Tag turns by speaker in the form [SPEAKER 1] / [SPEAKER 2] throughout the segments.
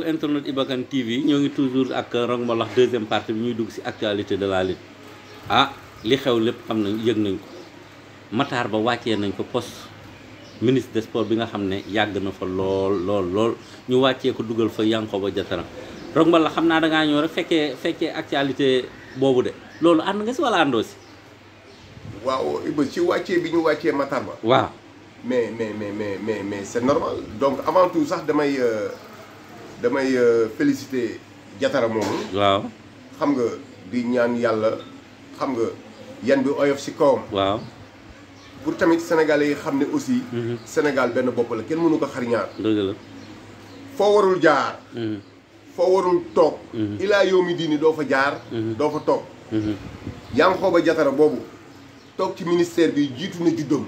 [SPEAKER 1] mbokku internet Ibakan TV ñoo ngi toujours ak ma Mbalax deuxième partie bi ñuy dugg ci actualité de la lit ah li xew lepp xam nañ yëg nañ ko Matar Ba wacce nañ ko poste ministre des sports bi nga xamne yag na fa lol lol lol ñu wacce ko dugal fa ba Diatara rang ma xam xamna da nga ñëw rek fekke fekke actualité bobu de lolou and nga ci wala àndoo ci.
[SPEAKER 2] waaw Iba ci wacce bi ñu wacce Matar Ba. waaw mais mais mais mais mais c'est normal donc avant tout sax damay. Euh, damay euh, féliciter jatara moomu. waaw xam nga di ñaan yàlla xam nga yan bi oyof si kawam. waaw pour tamit sénégalais yi xam ne aussi. Mhm. Sénégal benn bopp la kenn mënu ko xar ñaar. foo warul jaar. Mhm. foo warul toog. Mhm. ilaa yow mi diini doo fa jaar. doo fa toog. yaa ngi jatara boobu toog ci ministère bi jiitu na juddoom.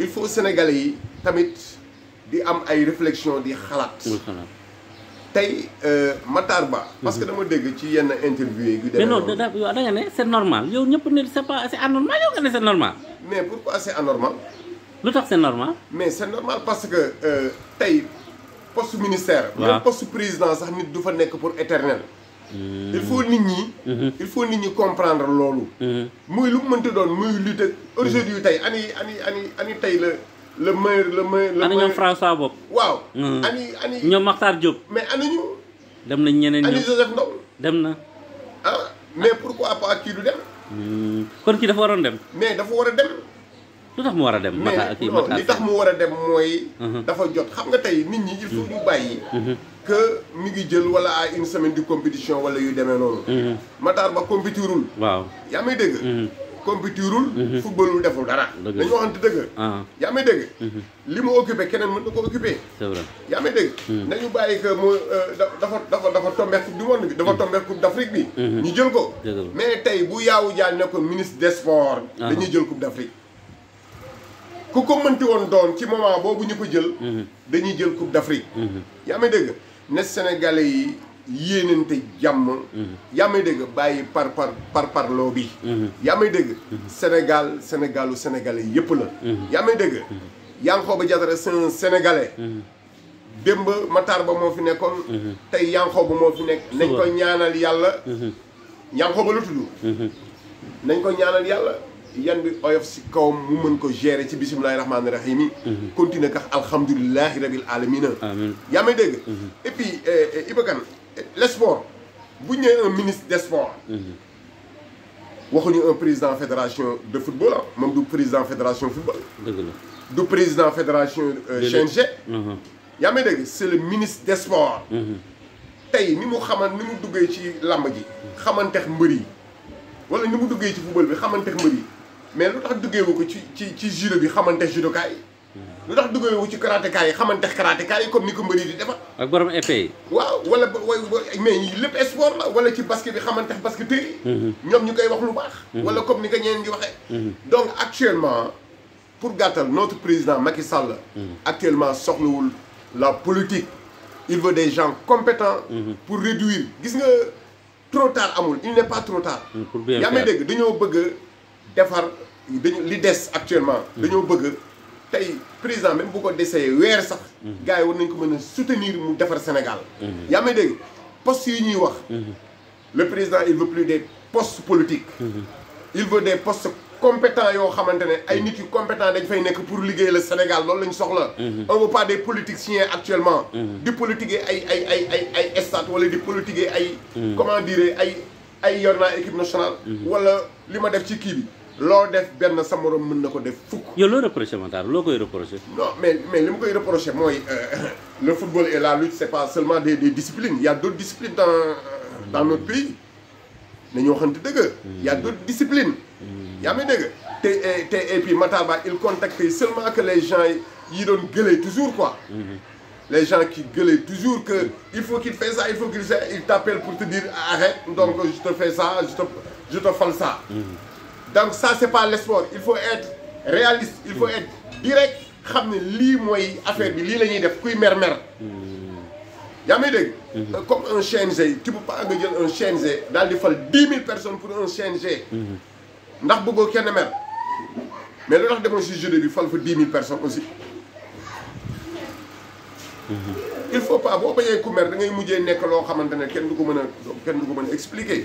[SPEAKER 2] il faut sénégalais yi tamit di am ay réflexion di xalaat. tey euh, Matar Ba. parce que mhm. dama dégg ci yenn interview yi. mais non da
[SPEAKER 1] nga ne c' normal yow ñëpp ne c' pas c' est anormal yow nga ne c' normal. mais pourquoi c'est anormal. lu
[SPEAKER 2] tax normal. mais c'est normal parce que euh, tey poste ministère. waaw même poste président sax nit du fa nekk pour éternel. Hmm. il faut nit ñi. Mhm. il faut nit ñi comprendre loolu. Mhm. muy lu mu mënti doon muy lutte. aujourd'hui tey ani ani ani ani tey la. le meilleur le meilleur le meilleur
[SPEAKER 1] ana ñoom François
[SPEAKER 2] Bopp. waaw. Hmm. ani ani ñoom Makhtar Diop. mais ana ñu.
[SPEAKER 1] dem nañ ñeneen ñoom ani Joseph Ndong dem na.
[SPEAKER 2] ah mais pourquoi pas kii du dem.
[SPEAKER 1] Hmm. kon kii dafa waroon dem.
[SPEAKER 2] mais dafa war a dem.
[SPEAKER 1] lu tax mu war a dem. Makhtar kii Makhtar li tax mu
[SPEAKER 2] war a dem mooy. Uh-huh. dafa jot xam nga tey nit ñi il faut ñu bàyyi. Uh-huh. que mi ngi jël wala à une semaine de compétition wala yu demee noonu. Uh-huh. Makhtar ba compétirul. waaw yaa may dégg. compétirul mhm. footballul deful dara dañu waxante dëgg ah. yaa may dëgg mhm. li mu occupé keneen mën na ko occupé yaa may dëgg mhm. nañu bàyyi que mu euh, dafa dafa dafa tombeex coupe du monde bi dafa tombeex coupe d'Afrique bi ñu jël ko mais tey bu yaawu jaan nekkoon ministre des sports ah. dañuy jël coupe d'Afrique ku ko mënti woon doon ci moment boobu ñu ko jël dañuy jël coupe d'Afrique yaa may dëgg ne Sénégalais yi yéenante jàmm mm-hmm. yaa may dégg bàyyi parpar par par parloo bi mm-hmm. yaa may dégg mm-hmm. Sénégal senegalu Sénégalais yépp la yaa may dégg Yankhoba Diattara c'est démb Matar Ba moo fi nekkoon tey Yankhoba moo fi nekk nañ ko ñaanal yàlla Yankhoba lu tudd nañ yàlla yan bi oyof si kawam mu mën ko gérer ci bisimilahi rahmaani rahim yi continuer kax alhamdulilahi rabil alamina yaa may dégg et puis eh, eh, des sports vous ñu un ministre des sports. Mhm. waxuñu un président fédération de football ah du président fédération football.
[SPEAKER 1] dëgg la
[SPEAKER 2] du président fédération. CNG. Euh, mhm. yaa may dégg c' le ministre des sports. Mhm. Tay, ni mu xamant ni mu duggé ci làmb ji. xamanteex yi wala ni mu duggé ci football bi xamanté mbër yi mais lu tax duggee wu ko ci ci judo bi xamanteex judokaay lu tax wu ci karatéka yi xamante karatéka yi comme ni ko mbëri di defar.
[SPEAKER 1] ak borom épée
[SPEAKER 2] waaw wala mais lepp sport la wala ci basket bi xamante basket yi. Mhm. ñom ñu koy wax lu bax mhm. wala comme ni ko ñeen di waxé mhm. donc actuellement pour gàttal notre président Macky Sall. actuellement soxlawul la politique. il veut des gens compétents. pour réduire gis nga trop tard amul il n'est pas trop tard.
[SPEAKER 1] pour bien yaa may dégg
[SPEAKER 2] dañoo bëgg défar li dess actuellement. dañu bëgg tey président même bu ko desee sax. gars yi war nañ ko mën a soutenir mu defar Sénégal. Mhm. yaa may dégg postes yi ñuy wax. Mhm. le président il veut plus des postes politiques. Mhm. il veut des postes compétents yoo xamante ne ay nit yu compétents dañ fay nekk pour liggéey le Sénégal loolu lañ soxla. on veut pas des politiciens actuellement. di politiquer ay ay ay ay ay wala di politiquer ay. comment dire ay ay yor équipe nationale. wala li ma def ci kii bi. L'ordre def benn sa est mën na def
[SPEAKER 1] fukk. yow Matar le koy reproché. non
[SPEAKER 2] mais mais que ma reproche moi euh, le football et la lutte ce n'est pas seulement des disciplines il y a d'autres disciplines dans dans notre pays On il y a d'autres disciplines. y a et puis Matar il contactait seulement que les gens ils doon toujours quoi. les gens qui gueulaient toujours que il faut qu'il fasse ça, il faut qu'il t'appellent pour te dire arrête, donc je te fais ça, je te, je te fais ça donc ça c'est pas l'espoir il faut être réaliste il faut être direct xamné affaire bi mer-mer. Hmm. Hmm. Euh, comme un CNG tu peux pas nga un CNG dal di fal dix personnes pour un CNG. Hmm. ndax kenn mer mais lu tax si bi fal fa dix personnes aussi. il faut pas si ku mer da ngay mujjé nek kenn du ko kenn du ko expliquer.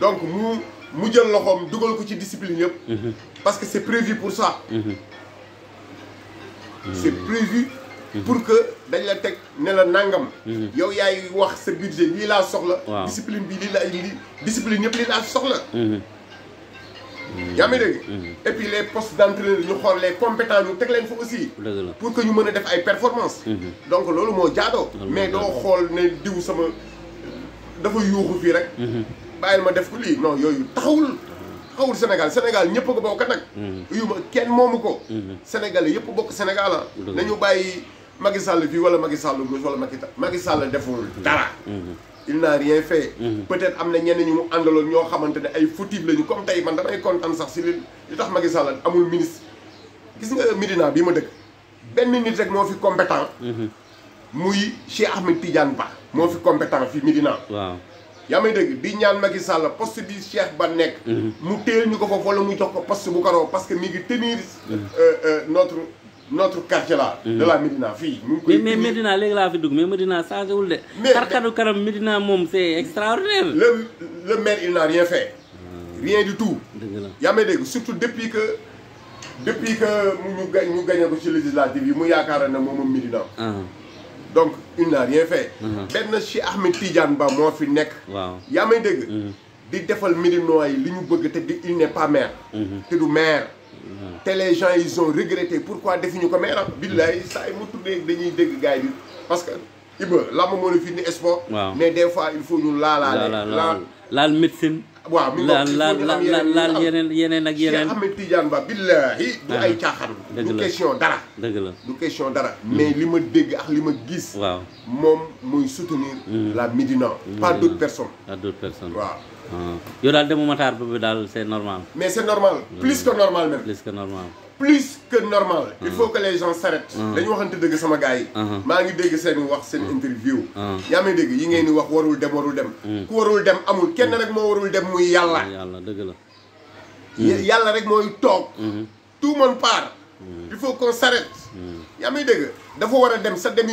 [SPEAKER 2] donc nous mu jël une discipline mhm. parce que c'est prévu pour ça. Mhm. Mhm. c'est prévu. pour que dañ la une la nangam. yow yaay wax budget nous soxla. discipline bi la discipline Nous et puis les postes d'entraîneur les compétents nous teg aussi. pour que nous devions faire des performances. donc nous moo jaadoo. mais doo Mais nous diw sama dafa bàyyil ma def ko li non yoyu taxawul taxawul senegal senegal ñepp ko bokk nag uyuma mm-hmm. kenn moomu ko mm-hmm. Sénégalais yëpp bokk senegal ah. la nañu bayyi Macky Sall fi wala Macky Sall gu wala Macky Macky Sall deful mm-hmm. dara il n'a rien fait peut-être amna ñen ñu andalon ño xamantene ay fautifs lañu comme tay man dama ay contane sax ci li tax Macky Sall amul ministre gis nga Medina bii ma dëkk benn nit rek mo fi compétent muy Cheikh Ahmed Tidiane Ba mo fi compétent fi Medina yaa may dégg di ñaan Macky Sall poste bi Cheikh Ba nekk. Mm-hmm. mu téel ñu ko foofu wala mu jox ko poste bu karoo parce que mi ngi tenir mm-hmm. euh, euh, notre notre quartier là. de la mm-hmm. Médina fii mu ngi koy.
[SPEAKER 1] mais Médina léegi laa fi dugg mais Médina changé wul de. mais
[SPEAKER 2] xarkanu kanam moom c' extraordinaire. le le maire il n' rien fait. Mm. rien du tout. dëgg la yaa may dégg surtout depuis que depuis que mu ñu gañ ñu gañe ko ci législative yi mu yaakaar ne moom moom Médina. Ah. donc il n'a rien fait. Maintenant, mhm. si Ahmed Tidiane Ba moo fi nek. waaw Il des mhm. di defal il n'est pas maire. Mhm. te maire. les gens ils ont regretté pourquoi définir comme maire am. billaay parce que la fi ni mais des fois il faut que nous
[SPEAKER 1] la médecine la
[SPEAKER 2] question dara mm. mais il me ak je soutenir mm. la Médina mm. pas d'autres personnes pas d'autres personnes
[SPEAKER 1] Il y aura des moments, c'est normal mais c'est normal plus que normal même plus que normal
[SPEAKER 2] plus que normal. il faut mm. que les gens s'arrêtent. Mm. dañu waxante de sama gars mm-hmm. ngi mm. interview. yaa may yi ngeen wax warul dem warul dem. ku warul dem amul warul dem la. Mm-hmm. tout le monde part. il faut qu'on s'arrête. yaa may dafa war a dem sa dem